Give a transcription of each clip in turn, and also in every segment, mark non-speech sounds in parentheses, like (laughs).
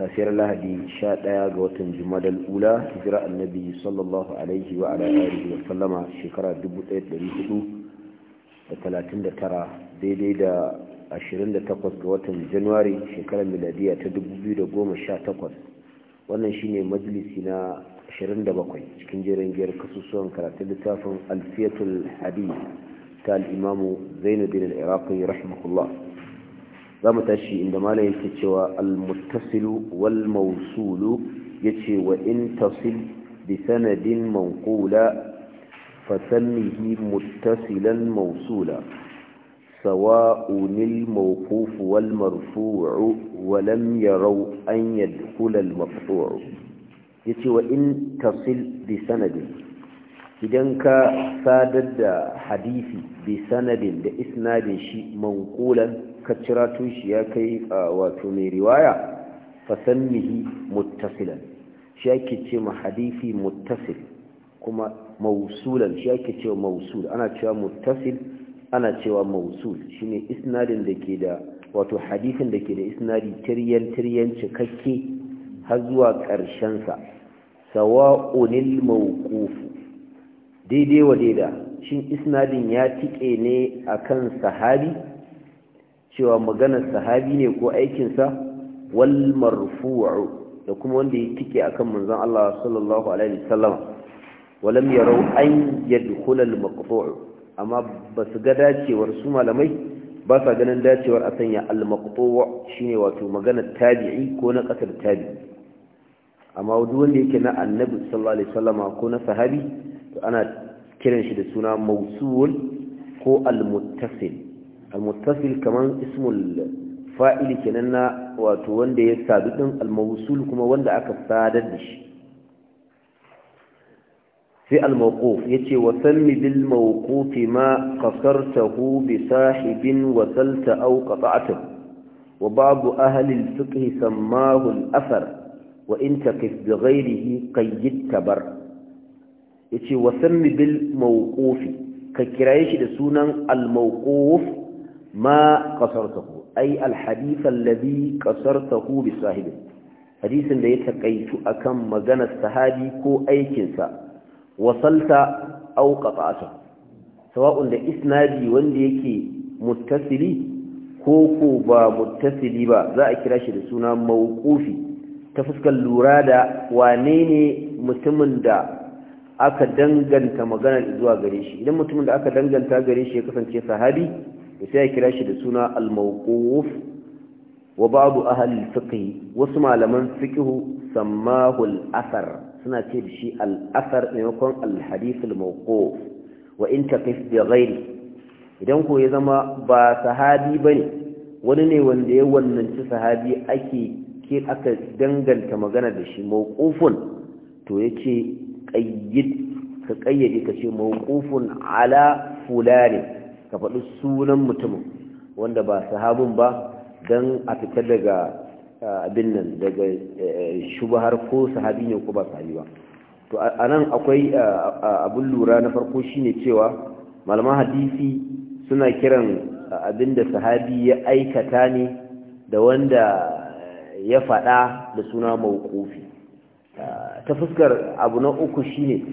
safiyar lahadi 11 ga watan jumadal ula hijira annabi sallallahu alaihi wa ala sallama shekara 1439 daidai da 28 ga watan januwari shekarar miladiya ta 2018 wannan shine majlisi na 27 cikin jerin giyar kasusuwan karatun littafin alfiyatul hadith ta al-imamu zainuddin al-iraqi rahimahullah za mu tashi inda malam yake cewa al-muttasilu wal mawsulu yace wa in tasil bi sanadin manqula fa sammihi muttasilan mawsula سواء الموقوف والمرفوع ولم يروا أن yace wa in وإن bi sanadin idan ka sadar da hadisi bi sanadin da isnadin shi manqulan ka cira tushi ya kai wato mai riwaya fasannihi muttasilan shi ake ce ma hadisi muttasil kuma mausulan shi ake cewa mausul ana cewa muttasil ana cewa mausul shine isnadin da ke da wato hadisin da ke da isnadi tiryan tiryan cikakke har zuwa ƙarshensa sa sawa'unil mawqufu daidai wa daida shin isnadin ya tike ne akan sahabi cewa maganar sahabi ne ko aikinsa wal marfu'u da kuma wanda ya tike akan manzan Allah sallallahu alaihi wasallam walam yarau an yadkhula al maqtu' amma ba su ga dacewar su malamai ba sa ganin dacewar a sanya al shi ne wato maganar tabi'i ko na kasar tabi'i amma duk wanda yake na annabi sallallahu alaihi wasallama ko na sahabi ana kiran shi da suna mausul ko almuttasil almuttasil kaman ismul fa'ili kenan na wato wanda ya sadu din almausul kuma wanda aka sadar da shi sai almawquf yace wa sammi bil mawquf ma qasartahu bi sahibin wa salta aw qata'tahu wa babu ahli al-fiqh sammahu al-athar wa in taqif bi ghayrihi qayyid tabar ya ce wasan bil mawqufi ka kiraye shi da sunan al mawquf ma qasartahu ay al hadith alladhi qasartahu bi sahibi hadisin da ya takaitu akan maganar sahabi ko aikin sa wasalta aw sawa'un da isnadi wanda yake muttasili ko ko ba muttasili ba za a kira shi da suna mawqufi ta fuskar lura da wane ne mutumin da aka danganta maganar zuwa gare shi idan mutumin da aka danganta gare shi ya kasance sahabi to sai ya kira shi da suna al-mawquf wa ba'du ahli fiqh wasu malaman fiqh sammahu al-athar suna ce da shi al-athar maimakon al-hadith al-mawquf wa in taqif bi idan ko ya zama ba sahabi bane wani ne wanda ya wannanci sahabi ake ke aka danganta magana da shi mawqufun to yace qayyid ka qayyade ka ce mawqufun ala fulani ka faɗi sunan mutumin wanda ba sahabin ba dan a fitar daga eh, abin nan daga eh, shubhar ko sahabi ne ko ba sahabi ba to anan akwai eh, abin lura na farko shine cewa malaman hadisi suna kiran abinda sahabi ya aikata ne da wanda ya faɗa da suna mawqufi ta fuskar abu na uku shine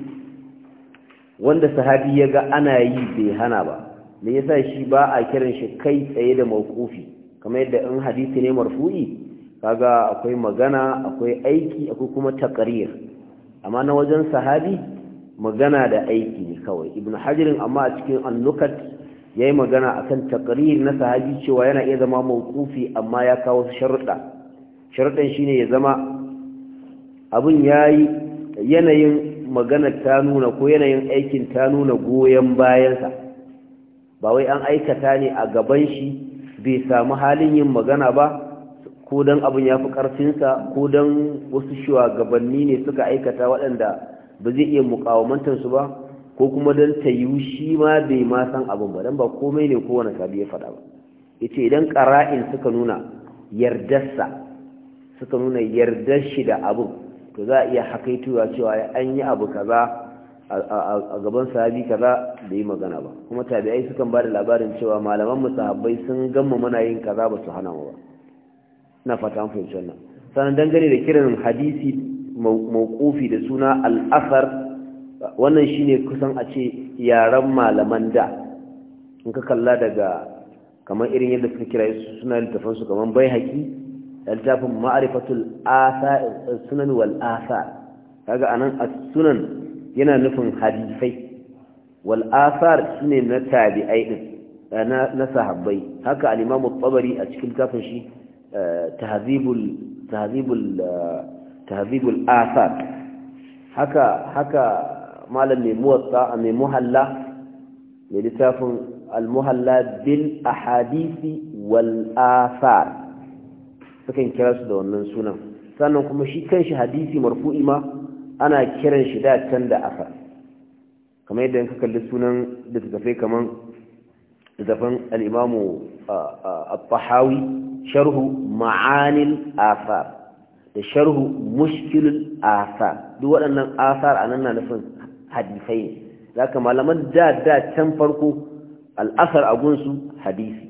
wanda sahabi ya ga ana yi bai hana ba me yasa shi ba a kiran shi kai tsaye da mawqufi kamar yadda in hadisi ne marfu'i kaga akwai magana akwai aiki akwai kuma takarir, amma na wajen sahabi magana da aiki ne kawai ibn hajirin amma a cikin annukat yayi magana akan taqrir na sahabi cewa yana iya zama mawqufi amma ya kawo sharuɗa sharuɗan shine ya zama abin ya yi yanayin magana ta nuna ko yanayin aikin ta nuna goyon bayansa ba wai an aikata ne a gaban shi bai samu halin yin magana ba ko don abin ya fi ƙarfinsa ko don wasu shugabanni ne suka aikata waɗanda ba zai iya mukawamantarsu ba ko kuma don ta yiwu shi ma bai ma san abin ba don ba komai ne kowane sabi ya faɗa ba ya idan ƙara'in suka nuna yardarsa suka nuna yardar shi da abin to za a iya hakaituwa cewa an yi abu kaza a gaban sahabi kaza da yi magana ba kuma tabi'ai sukan ba da labarin cewa malaman mu sahabbai sun gama muna yin kaza ba su hana mu ba ina fata an fahimci wannan sanan dangane da kiran hadisi mawqufi da suna al wannan shine kusan a ce yaran malaman da in ka kalla daga kamar irin yadda suka kira su suna littafansu kamar bai haƙi littafin ma'arifatul sunan wal kaga anan as-sunan yana nufin hadisai wal'asar asar shine na tabi'ai din na sahabbai haka al-imam a cikin littafin shi tahzibul asar haka malam mai muwatta mai muhalla mai littafin al-muhalla bil ahadisi wal sukan kira su da wannan sunan sannan kuma shi kan shi hadisi marfu'i ma ana kiran shi da can da asar kamar yadda ka kalli sunan da tafai kaman zafan al'imamu al-fahawi sharhu ma'anil asar da sharhu mushkilul asar duk waɗannan asar a nan na nufin hadisai ne za ka malaman da da can farko al'asar a gunsu hadisi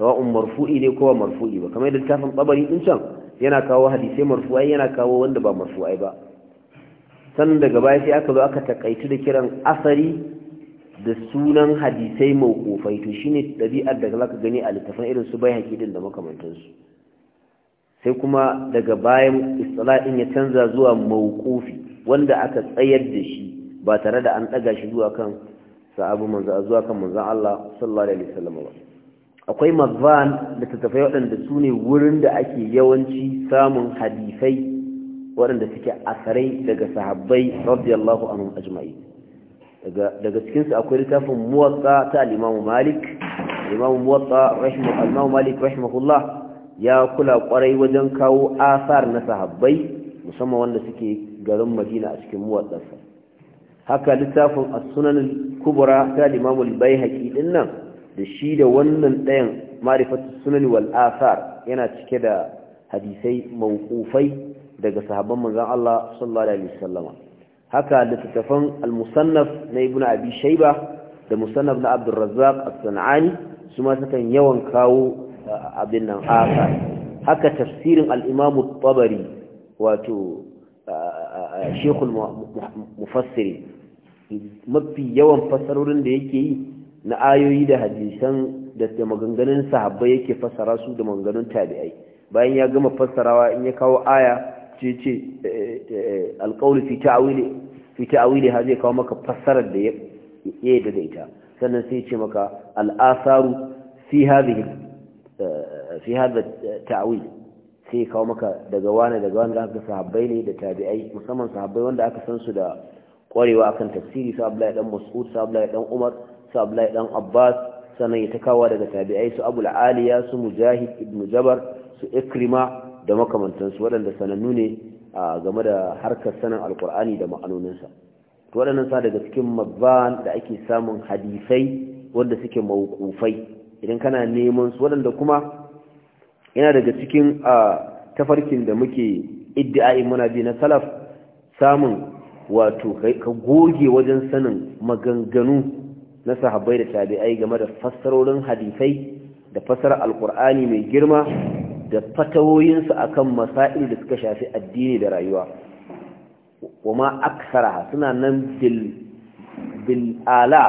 sawa'un marfu'i ne ko marfu'i ba kamar littafin tafin tsabari din can yana kawo hadisai marfu'ai yana kawo wanda ba marfu'ai ba sannan daga baya sai aka zo aka takaitu da kiran asari da sunan hadisai mawqufai to shine dabi'ar da zaka gani a littafin irin su bai hakidin da makamantansu sai kuma daga bayan istila'in ya canza zuwa mawqufi wanda aka tsayar da shi ba tare da an ɗaga shi zuwa kan sahabu manzo zuwa kan manzon Allah sallallahu alaihi wasallam akwai mazvan da tattafai waɗanda su ne wurin da ake yawanci samun hadisai waɗanda suke asarai daga sahabbai radiyallahu anhu ajma'i daga daga cikin su akwai littafin muwatta ta al-Imam Malik Muwatta Malik rahimahullah ya kula kwarai wajen kawo asar na sahabbai musamman wanda suke garin Madina a cikin muwatta haka littafin as-Sunan kubra ta al-Imam al-Baihaqi dinnan da shi da wannan ɗayan marifatu sunani wal yana cike da hadisai mawqufai daga sahabban manzan Allah sallallahu alaihi wasallam haka littattafan al-musannaf na ibnu abi shayba da musannaf na abdur as-sanani su ma sukan yawan kawo uh, abin nan asar haka tafsirin al-imam at-tabari wato uh, uh, shekul mufassiri mafi yawan fassarorin da yake yi na ayoyi da hadisan da maganganun sahabbai yake fassara su da maganganun tabi'ai bayan ya gama fassarawa in ya kawo aya ce ce eh, eh, alƙawli fi ta'awili fi ta'awili ha zai kawo maka fassarar da ya yi da ita sannan sai ce maka al'asaru fi hadhihi eh, fi hadha ta'awil sai kawo maka daga wani daga wani da aka sahabbai ne da tabi'ai musamman sahabbai wanda aka san su da kwarewa akan tafsiri su Abdullahi dan Mas'ud su dan Umar su abdullahi dan abbas sannan ya ta kawo daga tabi'ai su abul la’aliya su mujahid ibn jabar su ikrima da makamantansu waɗanda sanannu ne a game da harkar sanar alkur'ani da ma'anoninsa to waɗannan sa daga cikin mabban da ake samun hadisai wanda suke mawukufai idan kana neman su waɗanda kuma yana daga cikin tafarkin da muke iddi'ai muna bi na salaf samun wato ka goge wajen sanin maganganu na sahabbai da tabi'ai game da fassarorin hadisai da fassarar alkur'ani mai girma da fatawoyinsu akan masail da suka shafi addini da rayuwa kuma aksara suna nan bil'ala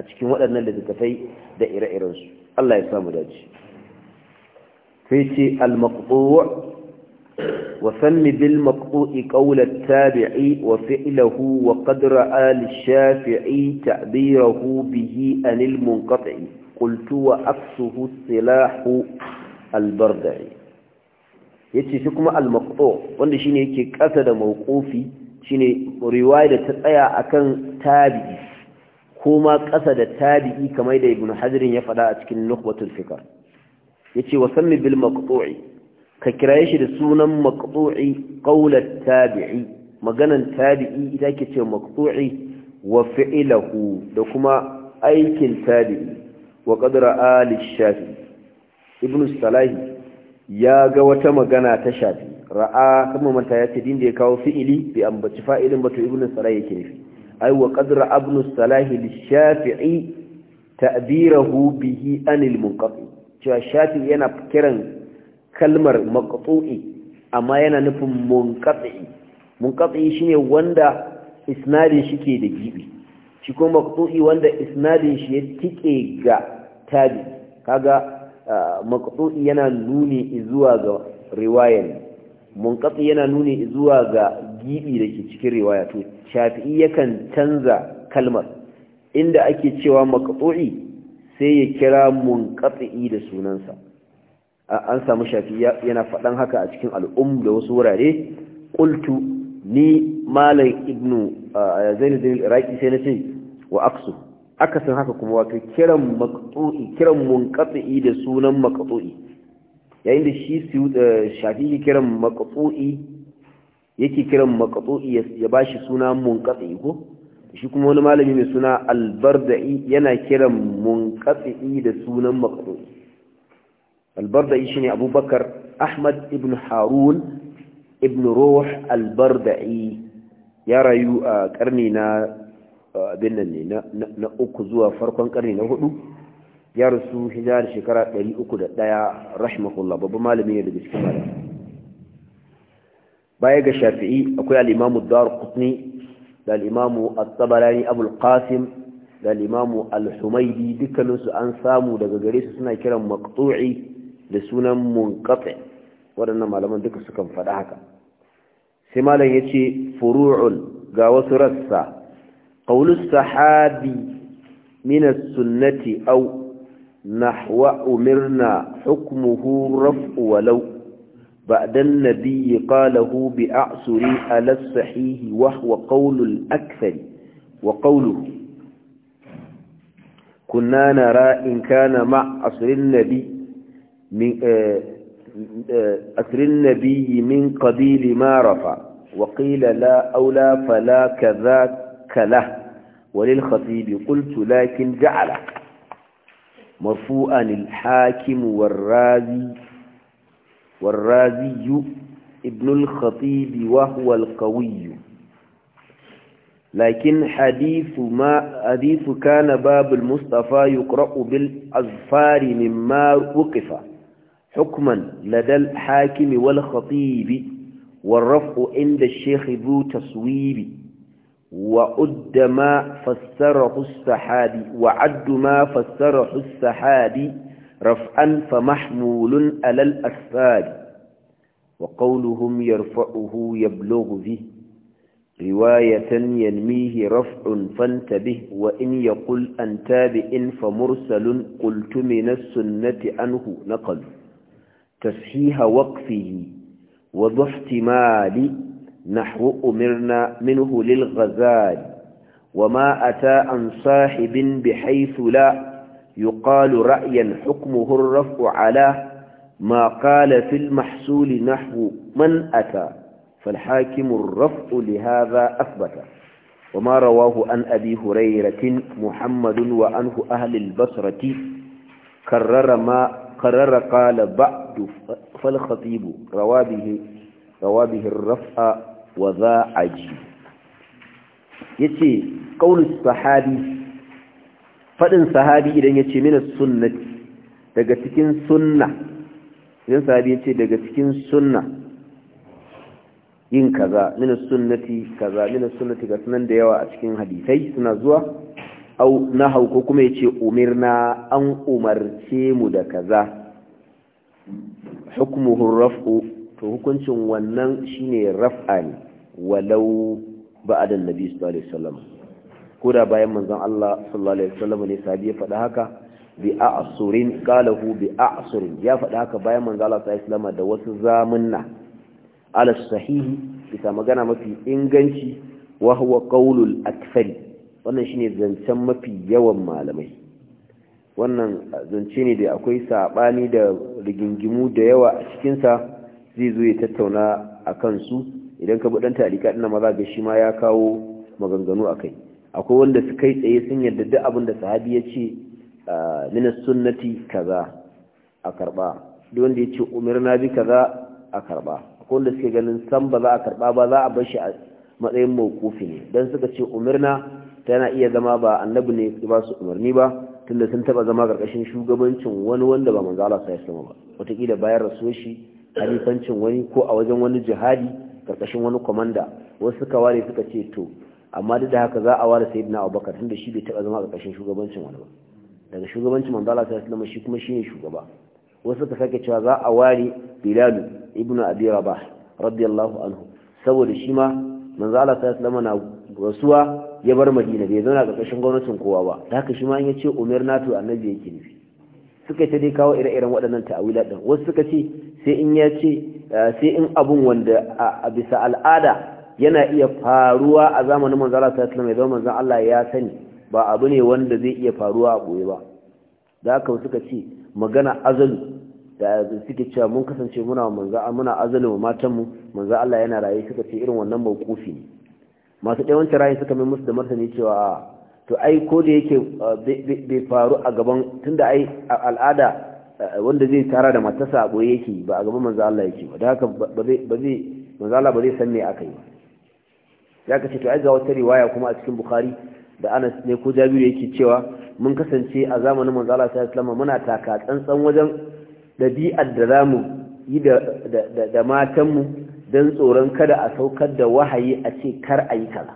a cikin waɗannan littattafai da ire-irensu Allah ya samu daji. sai ce al وسم بالمقطوع قول التابعي وفعله وقدر آل الشافعي تعبيره به عن المنقطع قلت وأقصه السلاح البردعي yace shi kuma al-maqtu wanda shine ke kasa da mawqufi shine riwaya da ta tsaya akan tabi'i ko ma kasa da tabi'i kamar da ibnu hadrin ya fada a cikin nukhbatul fikr yace wa bil maqtu'i ka kiraye shi da sunan maqtu'i qawlat tabi'i maganan tabi'i ita ke ce maqtu'i wa fi'luhu da kuma aikin tabi'i wa qadra ali shafi ibn salahi ya ga wata magana ta shafi ra'a kuma manta ya ce din da ya kawo fi'ili bi ambaci fa'ilin ba to ibn salahi yake nufi ai wa qadra ibn salahi lishafi'i ta'birahu bihi anil munqati cewa shafi yana kiran kalmar maqtu'i amma yana nufin munqati munqati shine wanda isnadin shi ke da gibi shi kuma maqtu'i wanda isnadin shi ya tike ga tabi kaga maqtu'i yana nuni zuwa ga riwayar munqati yana nuni zuwa ga gibi da ke cikin riwaya to shafi'i yakan canza kalmar inda ake cewa maqtu'i sai ya kira munqati da sunansa an samu shafi yana faɗan haka a cikin al'um da wasu wurare ƙultu ni malam ibnu zainu iraki sai na ce wa aksu akasin haka kuma wato kiran maqtu'i kiran munqati da sunan maqtu'i yayin da shi e, shafi kiran maqtu'i yake kiran maqtu'i ya bashi suna munqati ko shi kuma wani malami mai suna albardai yana kiran munqati da sunan maqtu'i البردعي شنو أبو بكر أحمد ابن حارون ابن روح البردعي يرى آه، كرنينا آه، بننا نأكزوا فرقا كرنينا يا رسول حجار شكرات يلي أكد دايا رحمه الله بابا لم لبس كمالا بايق الشافعي أقول الإمام الدار قطني الإمام الطبراني أبو القاسم الإمام الحميدي دكنس أنسامو دقريس سنة كرم مقطوعي da sunan munkafe waɗannan malaman duka sukan faɗa haka sai malam ya ce furu'ul ga wasu rassa ƙaunus sahabi minas sunnati au nahwa umirna hukumuhu raf'u walau ba'dan nabiyyi qalahu bi a'suri ala sahihi wa huwa qawlul wa qawluhu kunna in kana ma'asrin nabiyyi من آه، آه، أسر النبي من قبيل ما رفع وقيل لا أو لا فلا كذاك له وللخطيب قلت لكن جعله مرفوعا الحاكم والرازي والرازي ابن الخطيب وهو القوي لكن حديث ما حديث كان باب المصطفى يقرأ بالأظفار مما وقف حكما لدى الحاكم والخطيب والرفع عند الشيخ ذو تصويب وعد ما فسره السحابي وعد ما فسره السحابي رفعا فمحمول على الأسفاد وقولهم يرفعه يبلغ به رواية ينميه رفع فانتبه وإن يقل أن تابئ فمرسل قلت من السنة عنه نقل تسحيها وقفه مالي نحو أمرنا منه للغزال وما أتى عن صاحب بحيث لا يقال رأيا حكمه الرفع على ما قال في المحصول نحو من أتى فالحاكم الرفع لهذا أثبت وما رواه عن أبي هريرة محمد وأنه أهل البصرة كرر ما قرر قال بعد فالخطيب روابه روابه الرفع وذا عجيب يتي قول الصحابي فدن صحابي إذن يتي min السنة daga cikin sunna idan sahabi ya ce daga cikin sunna yin kaza min sunnati kaza min sunnati ga sunan da yawa a cikin hadisai suna zuwa au nahau ko kuma yace umirna an umarce mu da kaza hukmuhu raf'u to hukuncin wannan shine raf'a ne walau ba'da nabi sallallahu alaihi wasallam ko da bayan manzon Allah sallallahu alaihi wasallam ne sahabi ya faɗa haka bi a'surin qalahu bi a'surin ya faɗa haka bayan manzon Allah sallallahu alaihi wasallam da wasu zamunna ala sahihi bisa magana mafi inganci wa huwa qaulul akthari wannan shi ne zancen mafi yawan malamai wannan zance ne da akwai saɓani da rigingimu da yawa a cikinsa zai zo ya tattauna a kansu idan ka buɗanta a liƙa ɗina maza ga shi ma ya kawo maganganu a kai akwai wanda su kai tsaye sun yarda duk abin da sahabi ya ce nina ah, sunnati kaza a karɓa duk wanda ya ce na bi kaza a karɓa akwai wanda suke ganin san ba za a karɓa ba za a bar shi a matsayin mawkufi ne don suka ce umirna tana iya zama ba annabi ne ba su umarni ba tunda sun taba zama karkashin shugabancin wani wanda ba manzo Allah sai ba wataƙila bayan rasuwar shi halifancin wani ko a wajen wani jihadi karkashin wani komanda wasu suka ware suka ce to amma duk da haka za a ware sayyidina Abubakar tunda shi bai taba zama karkashin shugabancin wani ba daga shugabancin manzo Allah sai sama shi kuma shine shugaba wasu suka sake cewa za a ware Bilal ibn Abi Rabah radiyallahu anhu saboda shi ma manzo Allah sai sama na rasuwa ya bar madina bai zauna ƙarƙashin gwamnatin kowa ba da haka shi ma ya ce umar nato annabi yake nufi suka ta dai kawo ire-iren waɗannan ta'awila ɗin wasu suka ce sai in ya ce eh, sai in abun wanda a bisa al'ada yana iya faruwa a zamanin manzo Allah sallallahu mai zama manzo Allah ya sani ba abu ne wanda zai iya faruwa a boye ba da haka suka ce magana azalu da suke cewa mun kasance muna manzo muna azalu matan mu manzo Allah yana raye suka ce irin wannan kofi ne masu ɗayan rayu suka mai musu da martani cewa to ai ko da yake uh, bai faru a gaban tunda ai al'ada uh, wanda zai tara da matasa a boye yake ba a gaban manzo Allah yake ba da haka ba zai manzo Allah ba zai san me aka yi ba ka ce to ai ga wata riwaya kuma a cikin Bukhari da Anas ne ko Jabiru yake cewa mun kasance a zamanin manzo Allah sallallahu alaihi wasallam muna taka tsantsan wajen dabi'ar da zamu yi da da matanmu don tsoron kada a saukar da wahayi a ce kar a yi kaza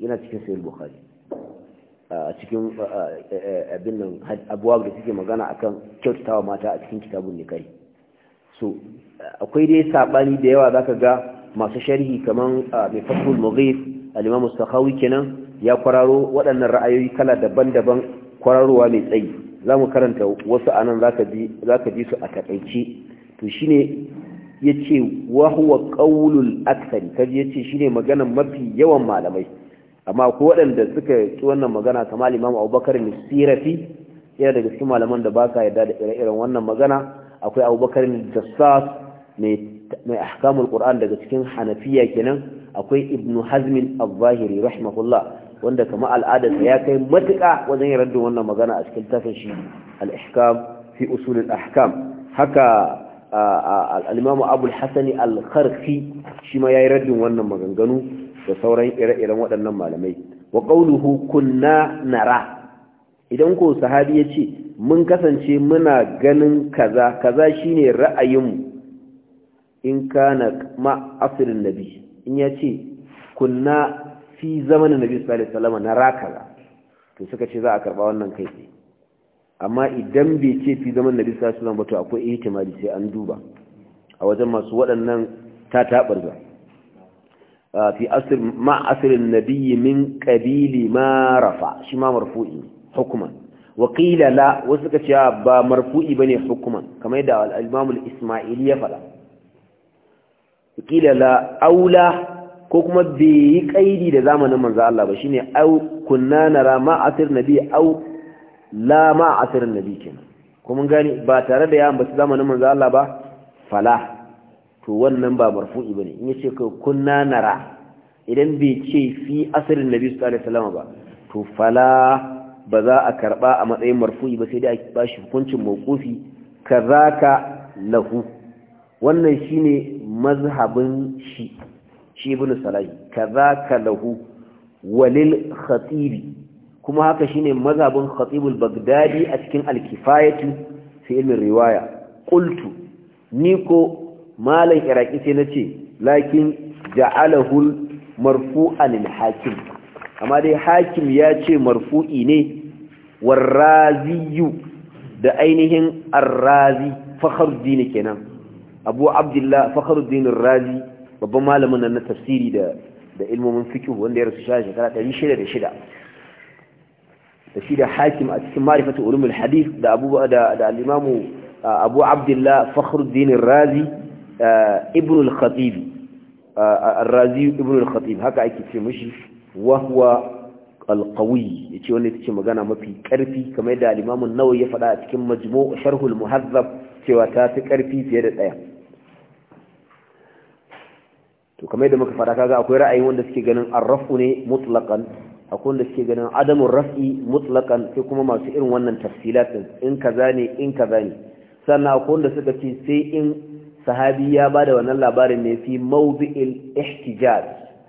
yana cikin sayar bukhari a cikin abin nan abuwa da suke magana akan kyautatawa mata a cikin kitabun nikari so akwai dai sabani da yawa zaka ga masu sharhi kamar mai fatul mughif al-imam as kenan ya kwararo waɗannan ra'ayoyi kala daban-daban kwararowa mai tsayi zamu karanta wasu anan zaka ji zaka ji su a takaice to shine ya ce wahuwa ƙaunul aksari kaji ya ce shi ne maganan mafi yawan malamai amma ko waɗanda suka ci wannan magana kama imam abubakar ne sirafi yana daga cikin malaman da ba sa yarda da ire-iren wannan magana akwai abubakar ne mai ahkamul qur'an daga cikin hanafiya kenan akwai ibnu hazmin al rahimahullah wanda kama al'adarsa ya kai matuƙa wajen yarda wannan magana a cikin tafin shi al fi usul ahkam haka al abul hassani al shi ma ya yi raddin wannan maganganu da sauran ire-iren waɗannan malamai wa ƙauluhu kunna nara idan ko sahabi ya ce mun kasance muna ganin kaza kaza shine ra'ayinmu in kana ma asirin nabi in ya ce kunna fi zamanin nabi sallallahu alaihi wasallam nara kaza to suka ce za a karba wannan kai tsaye amma idan bai ce fi zaman nabi sallallahu alaihi wasallam ba to akwai ihtimali sai an duba a wajen masu waɗannan ta tabarza fi asr ma asrin nabiyyi min ƙabili ma rafa shi ma marfu'i hukuman wa la wasu ka ce ba marfu'i ne hukuman kamar da al-imam al-isma'ili ya faɗa qila la aula ko kuma bai yi kaidi da zamanin manzo Allah ba shine au kunna nara ma asr nabi au la ma asirin nabi kenan kuma gani ba tare da ya basu zamanin manzo Allah ba fala to wannan ba marfu'i bane in yace ka kunna nara idan bai ce fi asirin nabi sallallahu alaihi wasallam ba to fala ba za a karba a matsayin marfu'i ba sai dai a bashi hukuncin mawqufi kazaka lahu wannan shine mazhabin shi shi ibn salahi kazaka lahu walil khatibi kuma haka shine mazhabin khatibul bagdadi a cikin al-kifayatu fi ilmin riwaya qultu ni ko malam iraki sai nace lakin ja'alahu marfu'an al-hakim amma dai hakim ya ce marfu'i ne warraziyu da ainihin arrazi fakhruddin kenan abu abdullah fakhruddin razi babban malamin nan na tafsiri da da ilmomin fiqh wanda ya rasu shekara 606 da shi da hakim a cikin marifatu ulumul hadith da abu da uh, abu abdullah fakhruddin razi uh, ibn al-khatib uh, ar-razi ibn al-khatib haka ake ce mishi wa al-qawi yace wannan ita magana mafi karfi kamar yadda al-imamu an-nawawi ya faɗa a cikin majmu' sharhul muhazzab cewa ta fi karfi fiye da ɗaya to kamar yadda muka faɗa kaga akwai ra'ayi wanda suke ganin arrafu ne mutlaqan akwai wanda suke ganin adamun raf'i mutlakan sai kuma masu irin wannan tafsilatin in kaza ne in kaza ne sannan akwai wanda suka ce sai in sahabi ya ba da wannan labarin ne fi mawdi'il ihtijaj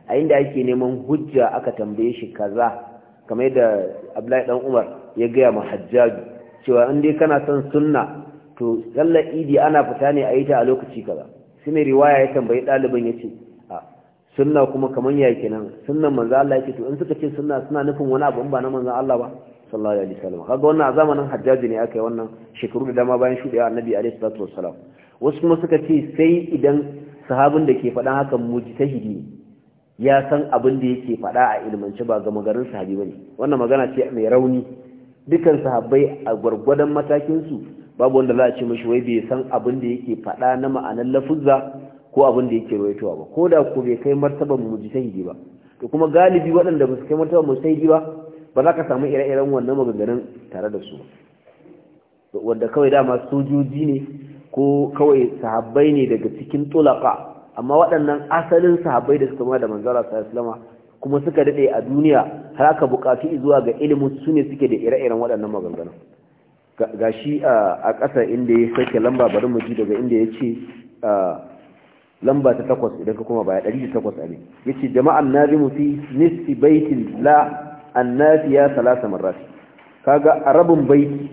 a inda ake neman hujja aka tambaye shi kaza kamar yadda Abdullahi dan Umar ya gaya ma cewa in dai kana son sunna to sallar idi ana fita ne a yi ta a lokaci kaza sai riwaya ya tambayi ɗaliban ya ce sunna kuma kaman ya kenan sunnan manzo Allah yake to in suka ce sunna suna nufin wani abu in ba na manzo Allah ba sallallahu alaihi wasallam kaga wannan a zamanin hajjaji ne aka yi wannan shekaru da dama bayan shudewa annabi alaihi salatu wasallam wasu kuma suka ce sai idan sahabin da ke faɗan hakan mujtahidi ya san abin da yake faɗa a ilmance ba ga magarin sahabi bane wannan magana ce mai rauni dukan sahabbai a gwargwadon matakin su babu wanda za a ce mishi wai bai san abin da yake faɗa na ma'anar lafuzza ko abin da yake ruwaitowa ba ko da ku bai kai martaban mujtahidi ba to kuma galibi waɗanda ba su kai martaban mujtahidi ba ba za ka samu ire-iren wannan maganganun tare da su wanda kawai dama sojoji ne ko kawai sahabbai ne daga cikin tulaka amma waɗannan asalin sahabbai da suka ma da manzara sallama kuma suka dade a duniya har aka buƙatu zuwa ga ilimin su ne suke da ire-iren waɗannan maganganun gashi a ƙasa inda ya sake lamba bari mu ji daga inda ya ce lamba ta takwas idan ka kuma baya ɗari da takwas abin ya ce jama'an nazimu fi nisfi baitin la annafiya salasa marrati kaga a rabin baiti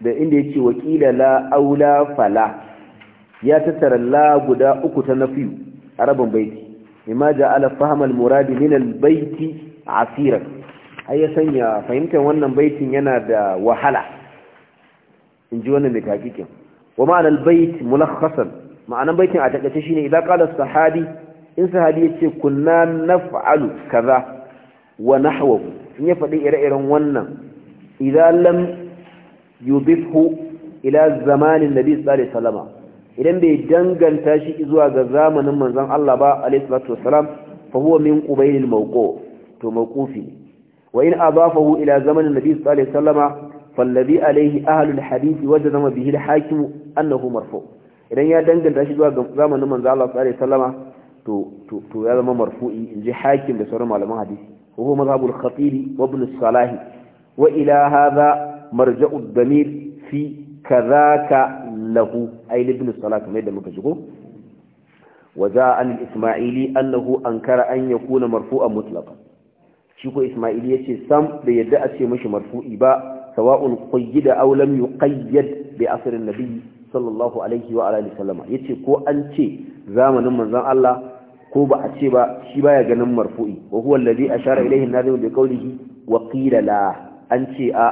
da inda ya ce wakila la aula fala ya tattara la guda uku ta nafiyu a rabin baiti ja ala fahamar muradi min al-baiti asiran ai ya sanya fahimtar wannan baitin yana da wahala in ji wannan da hakikin wa ma'anar bait mulakhasan ma'anan baitin a takaice shine idan qala sahabi in sahabi yace kunna naf'alu kaza wa nahwahu in ya faɗi ire-iren wannan idan lam yudifhu ila zamanin nabi sallallahu alaihi idan bai danganta shi zuwa ga zamanin manzon Allah ba alaihi salatu wasalam fa huwa min qubailil mawqu to mawqufi wa in adafahu ila zamanin nabi sallallahu alaihi wasallam فالذي عليه أهل الحديث وجزم به الحاكم أنه مرفوع idan ya danganta shi zuwa zamanin manzo Allah sallallahu alaihi wasallama to to to ya zama marfu'i in ji hakim da sauran malaman hadisi wa huwa mazhabul khatib wa ibn salahi wa ila hadha marja'u damir fi kadhaka lahu ay ibn salah kamar da muka shigo wa za'a al-isma'ili annahu ankara an yakuna marfu'an mutlaqan shi ko isma'ili yace sam da yadda a ce mashi marfu'i ba sawa'un qayyida aw lam yuqayyad bi asr an-nabi sallallahu alaihi wa alihi sallama yace ko an ce zamanin manzon Allah ko ba a ce ba shi baya ganin marfu'i wa huwa alladhi ashara ilayhi an-nazim bi qawlihi wa qila la an ce a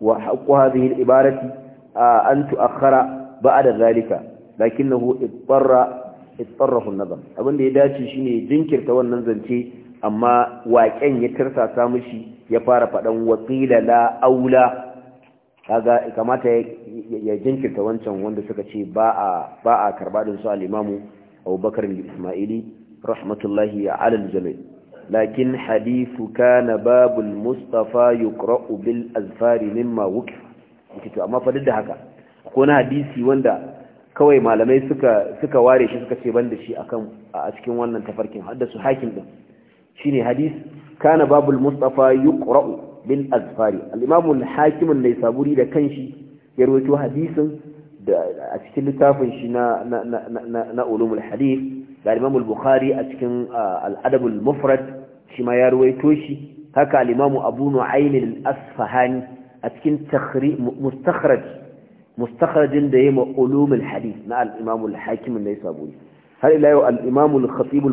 wa haqqu hadhihi al-ibarati an tu'akhkhara ba'da zalika lakinnahu ittarra ittarrahu an-nazam abinda ya dace shine jinkirta wannan zance amma waƙen ya tirsasa mishi ya fara faɗan wa qila la aula kaga kamata ya jinkirta wancan wanda suka ce ba a karba din su al-imamu Abubakar ismaili rahmatullahi a al-jami' lakin hadithu kana babul mustafa yuqra'u bil azfari mimma wukif kito amma faɗi da haka ko na hadisi wanda kawai malamai suka ware shi suka ce banda shi akan a cikin wannan tafarkin haddasu hakim din shine hadis, kana babul mustafa yuqra'u bin azfari al-imamu al-hakim da kanshi ya rawaito hadisin a cikin littafin shi na ulumul hadith da al bukhari a cikin al mufrat mufrad shi ma ya rawaito shi haka al abu nu'aym asfahani a cikin takhrij da yayi ulumul hadith na al-imamu al-hakim har ila yau al-imamu al-khatib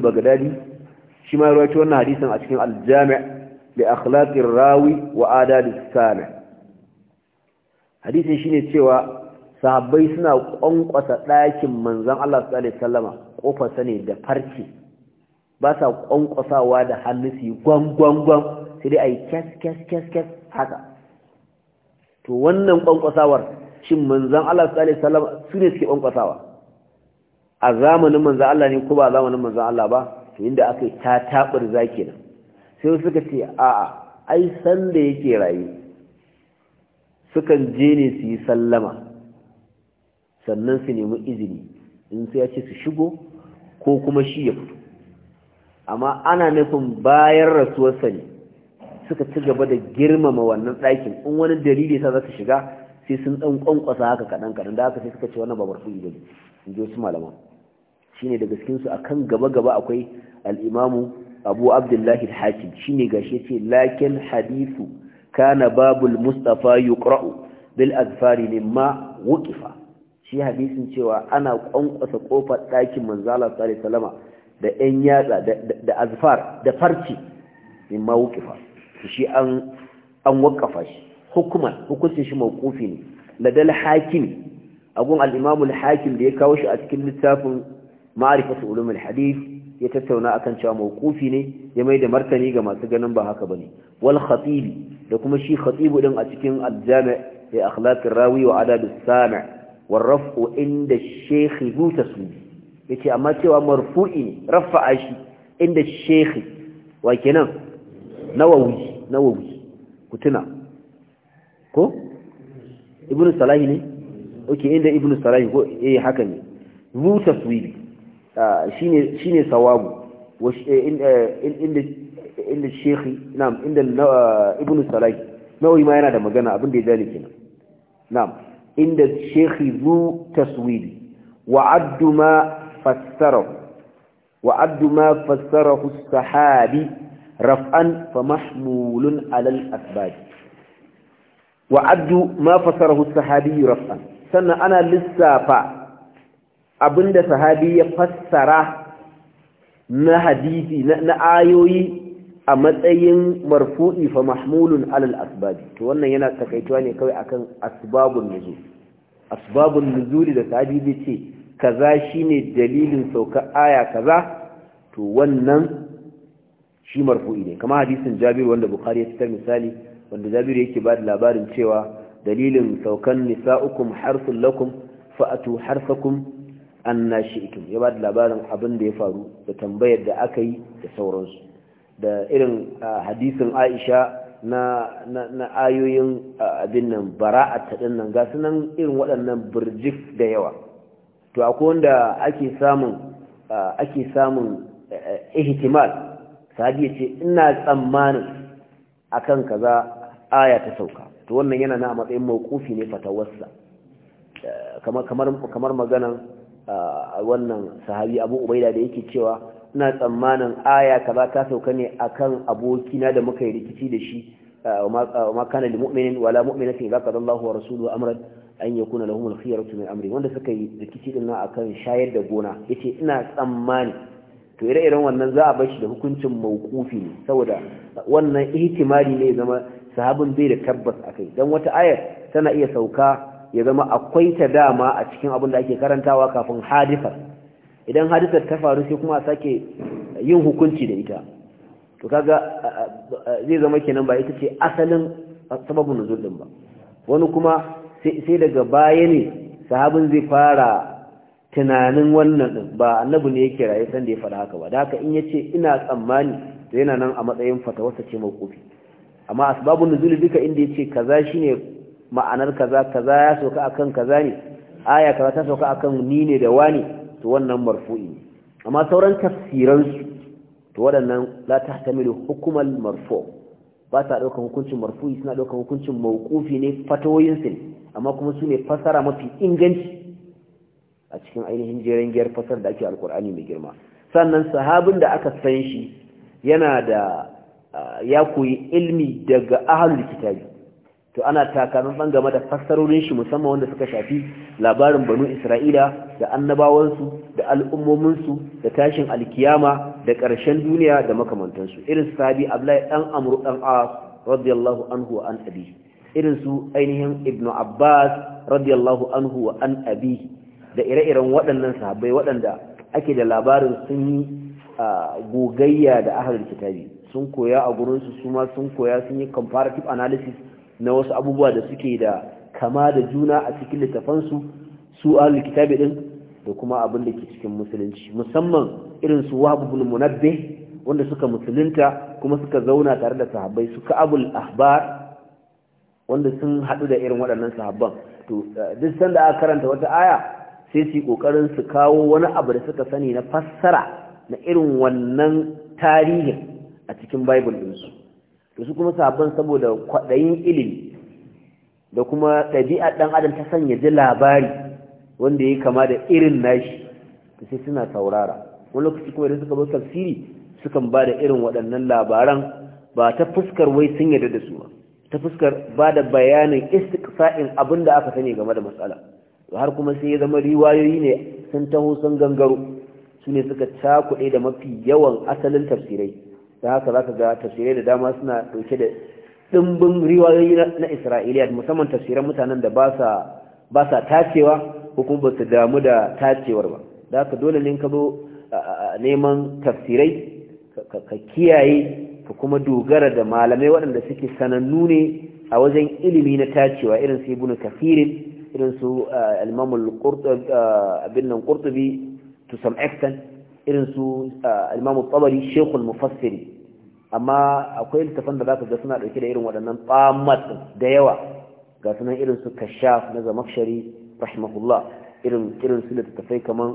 shi ma ya wannan hadisin a cikin al-jami' da akhlaqir rawi wa adadis sana hadisin shine cewa sahabbai suna kwankwasa dakin manzon Allah sallallahu alaihi wasallama kofar sane da farce ba sa kwankwasawa da hannu su gwangwangwan sai dai ayi kes kes kes kes haka to wannan kwankwasawar shin manzon Allah sallallahu alaihi wasallama sune suke kwankwasawa a zamanin manzon Allah ne ko ba zamanin manzon Allah ba to inda aka yi ta tabar zakinan sai suka ce a'a ai sanda yake rayu sukan je ne su yi sallama sannan su nemi izini in sai ya ce su shigo ko kuma shi ya fito amma ana nufin bayan rasuwarsa ne suka ci gaba da girmama wannan ɗakin in wani dalili sa za su shiga sai sun ɗan ƙwanƙwasa haka kaɗan kaɗan da haka sai suka ce wannan babar su ibali in ji wasu malaman shine daga cikinsu a kan gaba gaba akwai al'imamu abu abdullahi al shi shine gashi ce lakin hadithu kana babul mustafa yuqra'u bil azfari ma wukifa shi hadisin cewa ana ƙwanƙwasa ƙofar ɗakin manzala sallallahu alaihi da ƴan yatsa da azfar da farci mimma wuqifa shi an an shi hukuman hukuncin shi mawqufi ne ladal hakim agun al hakim da ya kawo shi a cikin littafin ma'arifa ulum al-hadith ya tattauna akan cewa mawqufi ne ya mai da martani ga masu ganin ba haka bane wal khatib da kuma shi khatibu din a cikin al-jami' li akhlaq rawi wa adab sami wal raf'u inda ash-shaykh zu tasmi yace amma cewa marfu'i ne rafa'a shi inda ash-shaykh wa kenan nawawi nawawi kutuna ko ibnu salahi ne oke inda ibnu salahi ko eh haka ne zu taswibi shine sawabu inda shekhi na'am inda ibn Salaki. nawawi ma yana da magana abin da ya dani kenan na'am inda shekhi zu taswidi wa ma fassarahu wa ma fassarahu sahabi raf'an fa mahmulun alal asbab wa ma fassarahu sahabi raf'an sannan ana lissafa abinda sahabi ya fassara na hadisi na ayoyi a matsayin marfu'i fa mahmulun alal asbabi to wannan yana takaituwa ne kawai akan asbabun nuzul asbabun nuzuli da sahabi zai ce kaza shine dalilin sauka aya kaza to wannan shi marfu'i ne kama hadisin Jabir wanda Bukhari ya fitar misali wanda Jabir yake ba da labarin cewa dalilin saukan nisa'ukum harsun lakum fa'atu harsakum An nashi ikin, ya ba da labarin abin da ya faru da tambayar da aka yi da sauransu da irin hadisin Aisha na na ayoyin abin nan bara'at din nan ga nan irin waɗannan birjik da yawa to akwai wanda ake samun ake samun e, e, ihtimal sahabi ce ina tsammanin akan kaza aya ta sauka to wannan yana na a matsayin mawqufi ne fatawarsa e, kamar kamar kamar maganan wannan sahabi abu ubaida da yake cewa ina tsammanin aya kaza ta sauka ne akan abokina da muka yi rikici da shi ma kana lil mu'minin wala mu'minatin idza qada Allahu wa rasuluhu amran an yakuna lahum al khiyaratu min amri wanda suka yi rikici din nan akan shayar da gona yace ina tsammani to ire-iren wannan za a bar shi da hukuncin mawqufi ne saboda wannan ihtimali ne zama sahabin bai da tabbas akai dan wata ayar tana iya sauka ya zama akwai ta dama a cikin abin da ake karantawa kafin hadifar idan hadifar ta faru sai kuma sake yin hukunci da ita to kaga zai zama kenan ba ita ce asalin sababin nuzul din ba wani kuma sai daga baya ne sahabin zai fara tunanin wannan din ba annabi ne yake ya san da ya fara haka ba da haka in yace ina tsammani to yana nan a matsayin ta ce kofi amma asbabun nuzul duka inda yace kaza shine ma'anar kaza kaza ya soka akan kaza ne aya kaza ta soka akan ni ne da wani to wannan marfu'i amma sauran tafsiransu to waɗannan la tamilu hukumal marfu ba ta ɗaukar hukuncin marfu'i suna dauka hukuncin mawqufi ne fatoyin ne amma kuma su ne fasara mafi inganci a cikin ainihin jeren giyar fasar da ake alkur'ani mai girma sannan sahabin da aka san shi yana da ya koyi ilmi daga ahlul kitabi to ana takamin ban game da fassarorin shi musamman wanda suka shafi labarin banu isra'ila da annabawansu da al'ummominsu da tashin alkiyama da ƙarshen duniya da makamantansu irin su sahabi abdullahi Ɗan amru Ɗan as radiyallahu anhu wa an abi irin su ainihin ibnu abbas radiyallahu anhu wa an abi da ire-iren waɗannan sahabbai waɗanda ake da labarin sun yi gogayya da ahlul kitabi sun koya a gurinsu su ma sun koya sun yi comparative analysis na wasu abubuwa da suke da kama da juna a cikin littafansu su ahlul kitabi din da kuma abin da ke cikin musulunci musamman irin su wahab ibn munabbih wanda suka musulunta kuma suka zauna tare da sahabbai suka abul ahbar wanda sun hadu da irin waɗannan sahabban to eh, duk sanda aka karanta wata aya sai su kokarin su kawo wani abu da suka sani na fassara na irin wannan tarihin a cikin bible su. to su kuma sabon saboda kwaɗayin ilimi da kuma ɗabi'a ɗan adam ta sanya ji labari wanda ya kama da irin nashi to sai suna saurara wani lokaci kuma idan suka bar tafsiri sukan ba da irin waɗannan labaran ba ta fuskar wai sun yarda da su ba ta fuskar ba da bayanin istiqsa'in abin da aka sani game da matsala har kuma sai ya zama riwayoyi ne sun taho sun gangaro su ne suka cakuɗe da mafi yawan asalin tafsirai da haka za ka ga tafsirai da dama suna ɗauke da ɗimbin riwayoyi na isra'iliya musamman tafsiran mutanen da ba sa tacewa ko kuma ba su damu da tacewar ba da haka dole ne ka zo neman tafsirai ka kiyaye ka kuma dogara da malamai waɗanda suke sanannu ne a wajen ilimi na tacewa irin su ibnu kafirin irin su alimamul abin nan qurtubi to some extent irin su alimamul shekul mufassiri amma akwai littafan da ka ga suna ɗauke da irin waɗannan tsamat da yawa ga sunan irin su kashaf na zamakshari rahimahullah irin irin su littafai kaman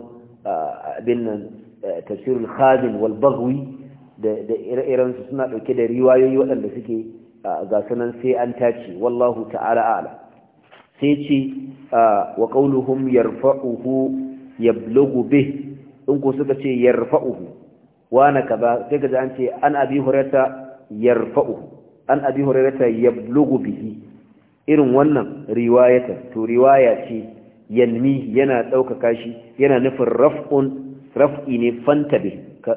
abin nan tafsirul khazin wal baghwi da irin su suna ɗauke da riwayoyi waɗanda suke ga sunan sai an tace wallahu ta'ala a'lam sai ce wa qauluhum yarfa'uhu yablughu bih in ko suka ce yarfa'uhu wana kaza sai kaji an ce an abi hurairata yarfa'u an abi hurairata yablugu bihi irin wannan riwayata to riwaya ce yanmi yana ɗaukaka shi yana nufin raf'un raf'i ne fantabe ka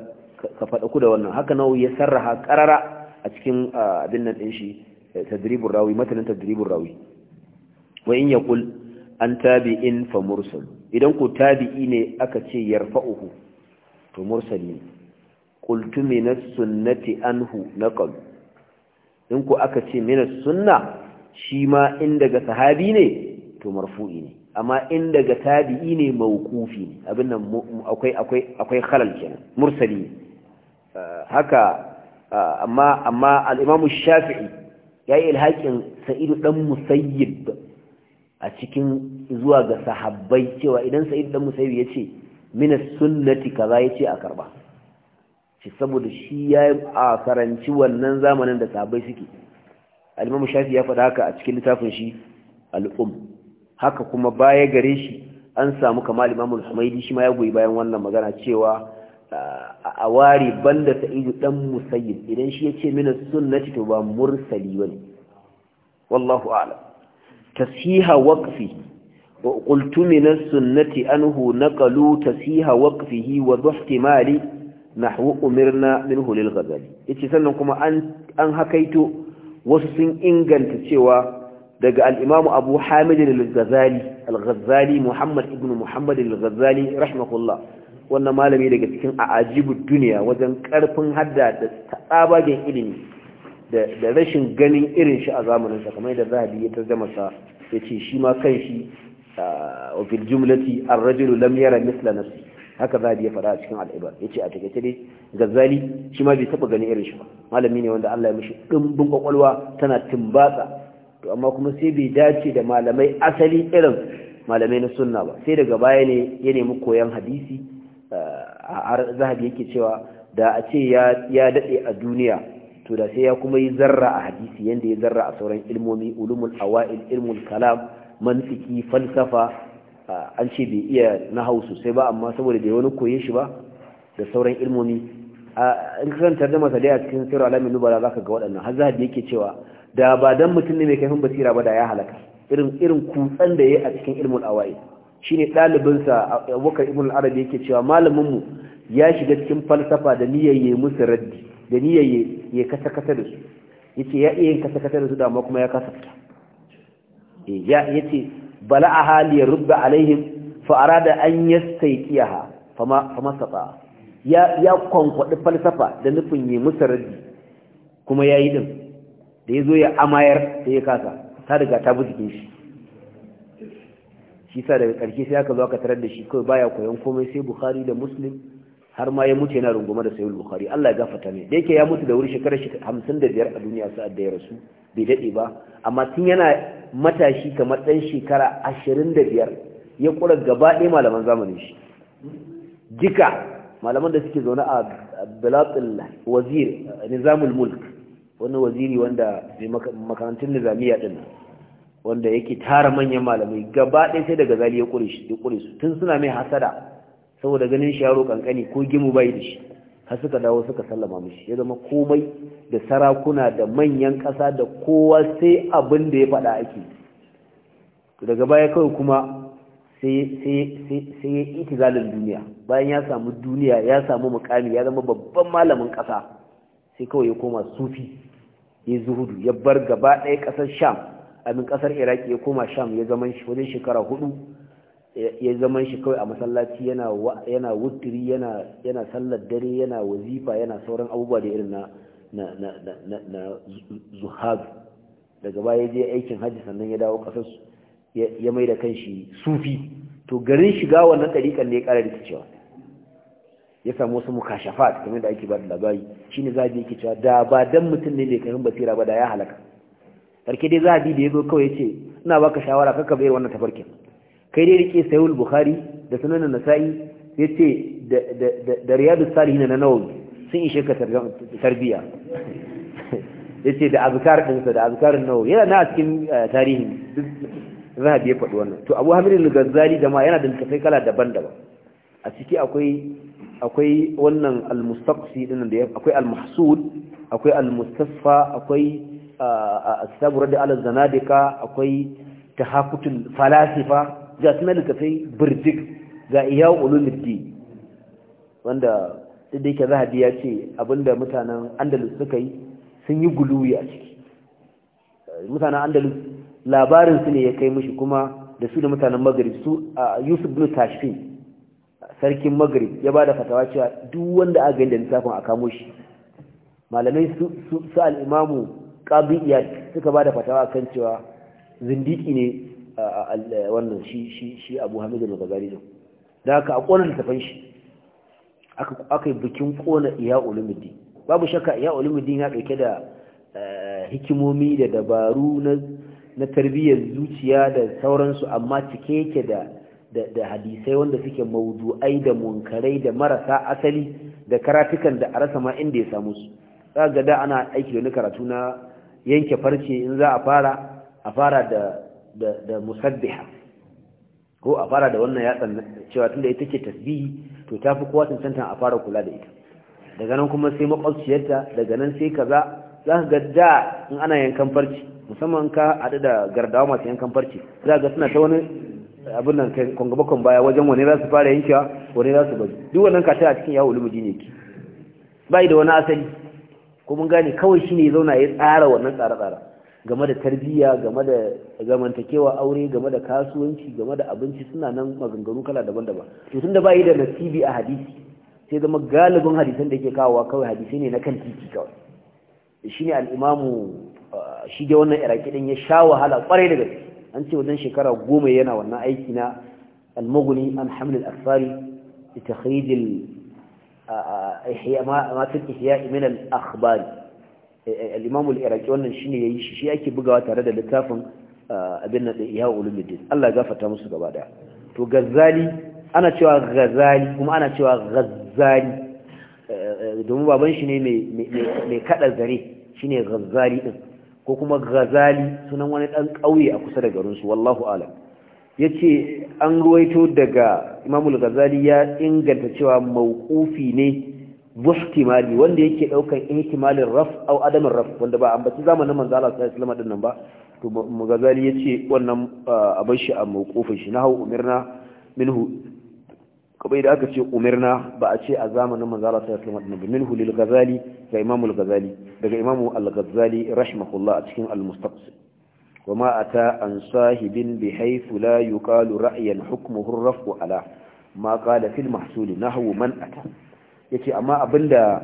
faɗa ku da wannan haka nau ya sarraha ƙarara a cikin abin nan ɗin shi eh, tadribun rawi matanin tadribun rawi wa in yaqul an tabi'in fa mursal idan ku tabi'i ne aka ce yarfa'uhu to mursal ne qultu min as-sunnati anhu naqal in ku aka ce min as-sunna shi ma in daga sahabi ne to marfu'i ne amma in daga tabi'i ne mawqufi ne abin nan akwai akwai akwai khalal kenan mursali ah, haka ah, amma amma al-imamu shafi'i yayi ilhaqin sa'idu dan musayyib a cikin zuwa ga sahabbai cewa idan sa'id dan musayyib yace min as-sunnati kaza yace a karba shi saboda shi ya yi a karanci wannan zamanin da sabai suke alimamu shafi ya faɗa haka a cikin littafin shi al'um haka kuma baya gare shi an samu Kamal alimamu hamaidi shi ma ya goyi bayan wannan magana cewa a ware banda sa'idu ɗan musayyib idan shi ya yace mina sunnati to ba mursali wani wallahu ala tasiha waqfi wa qultu mina sunnati anhu naqalu tasiha waqfihi wa mali. nahwu umirna minhu lil ghazali yace sannan kuma an an hakaito wasu sun inganta cewa daga al-imamu abu hamid al-ghazali al-ghazali muhammad ibn muhammad al-ghazali rahimahullah wannan malami daga cikin a'ajibud duniya wajen karfin hadda da tsabagen ilimi da rashin ganin irin shi a zamanin sa kamar da zahabi ya tarjama sa yace shi ma kanshi ah, wa fil jumlati ar-rajulu lam yara mithla nafsihi haka zabi ya fara a cikin al'ibar yace a take dai gazzali shi ma bai taba ganin irin shi ba malami ne wanda Allah ya mishi dimbin kwakwalwa tana timbatsa to amma kuma sai bai dace da malamai asali irin malamai na sunna ba sai daga baya ne ya nemi koyon hadisi eh, a zahabi yake cewa da a ce ya daɗe a duniya to da sai ya kuma yi zarra a hadisi yanda ya zarra a sauran ilmomi ulumul awa'il ilmul kalam mantiki falsafa an ce bai iya nahau sosai ba amma saboda bai wani koye shi ba da sauran ilmomi in kasantar da masa daya cikin sirri alamin nubala za ka ga waɗannan har zahabi yake cewa da ba dan mutum ne mai kaifin basira ba da ya halaka irin irin kutsan da ya a cikin ilmul awai shine ɗalibinsa abubakar ibn arabi yake cewa malaminmu ya shiga cikin falsafa da yayi musu raddi da niyyar ya kasa-kasa da su yace ya iya yin kasa-kasa da su da kuma ya kasa eh ya ce Bala ya rubba alaihim fa arada an yastayqiha fama fama sata ya ya kwankwadi falsafa da nufin yi musu kuma yayi din da zo ya amayar da ya kasa ta daga ta buzuke shi shi sa daga ƙarshe sai aka zo aka tarar da shi kawai baya koyon komai sai Bukhari da Muslim har ma ya mutu yana rungume da sayyid bukhari Allah ya gafarta mai da yake ya mutu da wuri shekarar 55 a duniya sa'ad da ya rasu bai dade ba amma tun yana matashi kamar dan shekara 25 ya kura gaba ɗaya malaman zamanin shi duka malaman da suke zaune a bilatul wazir nizamul mulk wani waziri wanda makarantun nizamiya din wanda yake tara manyan malamai gaba ɗaya sai daga zali ya kure su tun suna mai hasada saboda ganin sharo yaro kankani ko gimu bai da shi har suka dawo suka sallama mishi ya zama komai da sarakuna da manyan ƙasa da kowa sai abin da ya faɗa ake daga baya kawai kuma sai ya itizalin duniya bayan ya samu duniya ya samu mukami ya zama babban malamin ƙasa sai kawai ya koma sufi ya zuhudu ya bar gaba ɗaya ƙasar sham amin ƙasar iraki ya koma sham ya zama wajen shekara hudu ya zama shi kawai a masallaci yana yana wuturi yana sallar dare yana wazifa yana sauran abubuwa da irin na na daga baya je aikin hajji sannan ya dawo kasar ya mai da kan shi sufi to garin shiga wannan ɗariƙar ne ya ƙara rikicewa ya samu wasu mukashafat kamar da ake ba da labari shine zabi yake cewa da ba don mutum ne mai karin basira ba da ya halaka karke dai zabi da ya zo kawai ce ina baka shawara kakka bayar wannan tafarkin kai dai rike sayul bukhari da sunan nasa'i ya ce da riyadu salihin na nawawi sun ishe ka tarbiya (laughs) ya ce da azkar ɗinsa da azkarin nawawi yana na cikin eh, tarihin duk zahabi ya faɗi wannan to abu hamidin gazzali da ma yana da littafai kala daban-daban a ciki akwai akwai wannan almustaqsi din da akwai al almahsud akwai al almustasfa akwai as-sabr da al-zanadika akwai tahakutul falasifa ga suna littafai birjik ga iya ululuddin wanda duk da yake ya ce abinda mutanen andalus suka yi sun yi guluwi a ciki mutanen andalus labarinsu ne ya kai mushi kuma da su da mutanen magrib su a yusuf bin tashfin sarkin Magari ya ba da fatawa cewa duk wanda aka da nisafin a kamo shi malamai su al'imamu ƙabi'iyar suka ba da fatawa kan cewa zindiki ne wannan shi shi shi Abu da aka kona littafin aka bikin kona Iya babu shakka Iya Ulumuddin ya dauke da eh, hikimomi da dabaru na na tarbiyyar zuciya da sauransu amma cike yake da da hadisai wanda suke mawdu'ai da munkarai da marasa asali da karatukan da a rasa ma inda ya samu su za ga da ana aiki da wani karatu na yanke farce in za a fara a fara da da musabbiha ko a fara da wannan yatsan cewa tunda ita ce tasbihi to ta fi kowa tantan a fara kula da ita daga nan kuma sai makwabciyarta daga nan sai kaza za ka ga da in ana yankan farci musamman ka haɗu da gardawa masu yankan farci za ga suna ta wani abin nan kai kwangabakon baya wajen wani za su fara yankewa wani za su bari duk wannan ka a cikin yawon lumudi ne ki bai da wani asali ko mun gane kawai shine ya zauna ya tsara wannan tsare tsara game da tarbiyya game da zamantakewa aure game da kasuwanci game da abinci suna nan maganganu kala daban-daban to tun da yi da nasibi a hadisi sai zama galibin hadisan da yake kawowa kawai hadisi ne na kan titi kawai shine al-imamu shi da wannan iraki din ya sha wahala kwarai da gaske an ce wajen shekara goma yana wannan aiki na al-mughni an haml al-akhbari li al-ihya ma fi ihya min al-akhbari al-imamul iraki wannan shine yayi shi shi yake bugawa tare da littafin ah, abin da iya ulumuddin Allah ya gafarta musu gaba daya to Gazali ana cewa gazali kuma ana cewa gazzali eh, eh, domin baban shi ne mai kada zare shine Razali din ko kuma gazali sunan wani dan kauye a kusa da garinsu su wallahu alam yace an ruwaito daga imamul gazali ya inganta cewa mauqufi ne muhtimali wanda yake daukan ihtimalin raf au adamin raf wanda ba ambaci zamanin manzo Allah sallallahu alaihi wasallam dinnan ba to magazali yace wannan abin ah, shi a mawqufin shi nahu umirna minhu kabai da aka ce umirna ba a ce a zamanin manzo Allah sallallahu alaihi wasallam dinnan minhu lil ghazali ga imamu al ghazali daga imamu al ghazali rahimahullah a cikin al mustaqsi wama ata an sahibin bi haythu la yuqalu ra'yan hukmuhu ar-raf'u ala ma qala fil mahsul nahwu man ata yace amma abinda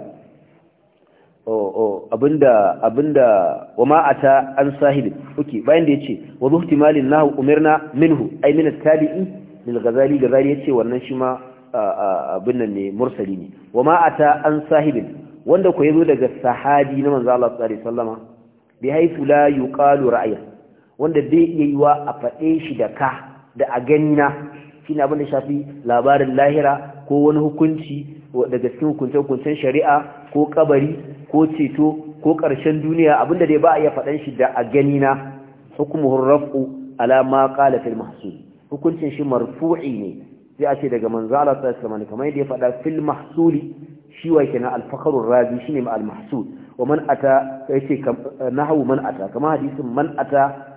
abinda abinda wama ata an sahibin oke bayan da yace wa bi ihtimalin nahu umirna minhu ay min tabii lil ghazali ghazali yace wannan shi ma abin nan ne mursali ne wama ata an sahibin wanda ko yazo daga sahabi na manzo Allah sallallahu alaihi wasallama bi haythu la yuqalu wanda bai iya yiwa a fade shi da ka da a gani na shi ne abin da shafi labarin lahira ko wani hukunci daga cikin hukunce-hukuncen shari'a ko kabari ko ceto ko ƙarshen duniya abinda dai ba a iya faɗan shi da a gani na hukumuhun raf'u alama ƙala fil mahsul hukuncin shi marfu'i ne sai a ce daga manzo Allah sallallahu alaihi kamar yadda ya faɗa fil mahsuli shi wa kenan al-fakhrur razi shine ma al-mahsul wa man ata yace nahwu man ata kamar hadisin man ata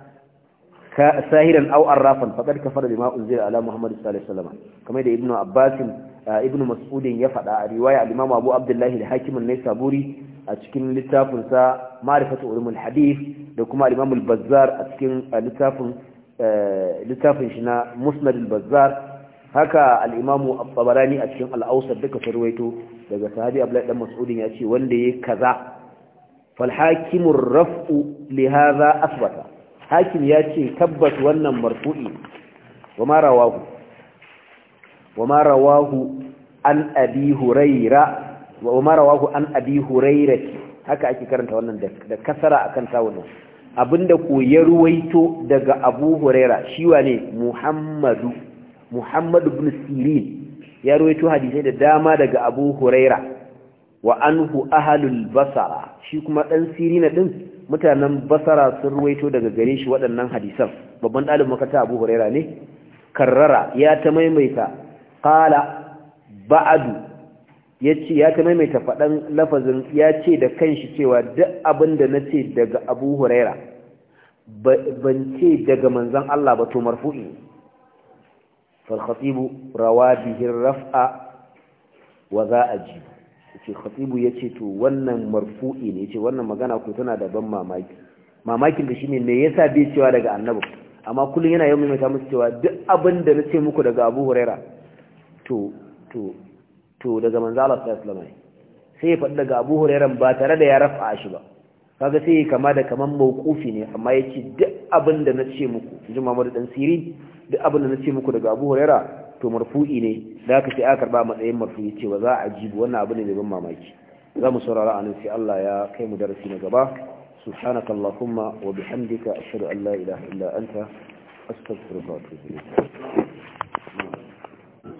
sahiran aw arrafan faqad kafara bima unzila ala muhammad sallallahu alaihi wasallam kamar da ibnu abbasin ibn mas'udin ya faɗa a riwaya al-imam abu abdullahi da hakimin ne saburi a cikin littafinsa ma'rifatu ulumul hadith da kuma al-imam al-bazzar a cikin littafin littafin shi na musnad al-bazzar haka al-imam at-tabarani a cikin al-awsat duka sarwaito daga sahabi abdullahi dan mas'udin ya ce wanda yayi kaza fal raf'u li asbata hakim ya ce tabbas wannan marfu'i wa ma وما رواه عن ابي هريره وما رواه عن ابي هريره haka ake karanta wannan da kasara akan tawunan abinda ko ya ruwaito daga Abu Huraira shi wane Muhammadu Muhammad ibn Sirin ya ruwaito hadisai da dama daga Abu Huraira wa anhu ahlul Basra shi kuma dan Sirina din mutanen Basara sun ruwaito daga gare shi waɗannan hadisan babban dalibin makata Abu Huraira ne karrara ya ta maimaita qala ba'du yace ya ta maimaita fadan lafazin yace da kanshi cewa duk abinda nace daga Abu Huraira ban ce daga manzon Allah ba to marfu'i fal khatib rawa bihin rafa wa za ajib yace khatibu yace to wannan marfu'i ne yace wannan magana ko tana da ban mamaki mamakin da shine me yasa bai cewa daga annabi amma kullun yana yawan maimaita musu cewa duk abin da nace muku daga Abu Huraira to daga manzo Allah sallallahu alaihi sai ya faɗi daga Abu Hurairah ba tare da ya rafa shi ba kaga sai kama da kaman mauqufi ne amma yace duk abin da ce muku jin mamadu dan siri duk abin da ce muku daga Abu Hurairah to marfu'i ne da aka sai aka karba matsayin marfu'i ba za a jibu wannan abu ne da ban mamaki za mu saurara anan sai Allah ya kai mu darasi na gaba سبحانك اللهم وبحمدك أشهد أن لا إله إلا أنت أستغفرك وأتوب إليك